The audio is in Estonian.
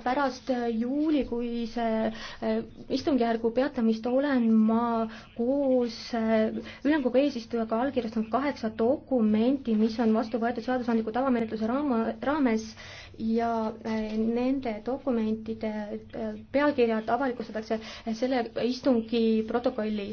et pärast juulikuise äh, istungjärgu peatamist olen ma koos äh, ülemkogu eesistujaga allkirjastanud kaheksa dokumenti, mis on vastu võetud seadusandliku tavamenetluse raama, raames ja äh, nende dokumentide pealkirjad avalikustatakse selle istungi protokollis.